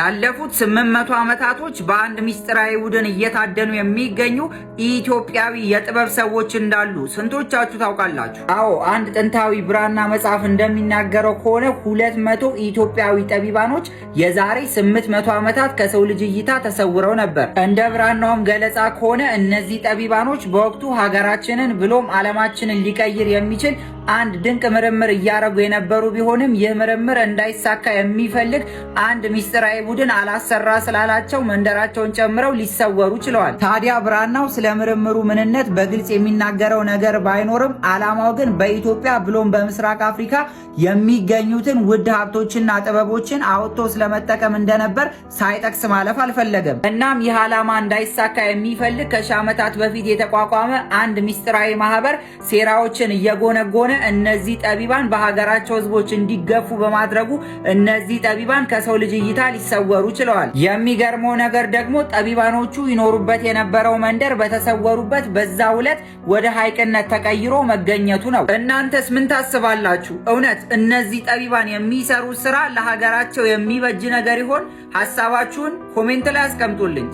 ያለፉት ስምንት መቶ ዓመታቶች በአንድ ምስጢራዊ ቡድን እየታደኑ የሚገኙ ኢትዮጵያዊ የጥበብ ሰዎች እንዳሉ ስንቶቻችሁ ታውቃላችሁ? አዎ፣ አንድ ጥንታዊ ብራና መጽሐፍ እንደሚናገረው ከሆነ ሁለት መቶ ኢትዮጵያዊ ጠቢባኖች የዛሬ ስምንት መቶ ዓመታት ከሰው ልጅ እይታ ተሰውረው ነበር። እንደ ብራናውም ገለጻ ከሆነ እነዚህ ጠቢባኖች በወቅቱ ሀገራችንን ብሎም ዓለማችንን ሊቀይር የሚችል አንድ ድንቅ ምርምር እያደረጉ የነበሩ ቢሆንም ይህ ምርምር እንዳይሳካ የሚፈልግ አንድ ምስጢራዊ ቡድን አላሰራ ስላላቸው መንደራቸውን ጨምረው ሊሰወሩ ችለዋል። ታዲያ ብራናው ስለ ምርምሩ ምንነት በግልጽ የሚናገረው ነገር ባይኖርም ዓላማው ግን በኢትዮጵያ ብሎም በምስራቅ አፍሪካ የሚገኙትን ውድ ሀብቶችና ጥበቦችን አውጥቶ ስለመጠቀም እንደነበር ሳይጠቅስ ማለፍ አልፈለገም። እናም ይህ ዓላማ እንዳይሳካ የሚፈልግ ከሺህ ዓመታት በፊት የተቋቋመ አንድ ሚስጥራዊ ማህበር ሴራዎችን እየጎነጎነ እነዚህ ጠቢባን በሀገራቸው ህዝቦች እንዲገፉ በማድረጉ እነዚህ ጠቢባን ከሰው ልጅ እይታ ሊሰወሩ ችለዋል። የሚገርመው ነገር ደግሞ ጠቢባኖቹ ይኖሩበት የነበረው መንደር በተሰወሩበት በዛ ዕለት ወደ ሐይቅነት ተቀይሮ መገኘቱ ነው። እናንተስ ምን ታስባላችሁ? እውነት እነዚህ ጠቢባን የሚሰሩ ስራ ለሀገራቸው የሚበጅ ነገር ይሆን? ሀሳባችሁን ኮሜንት ላይ አስቀምጡልኝ።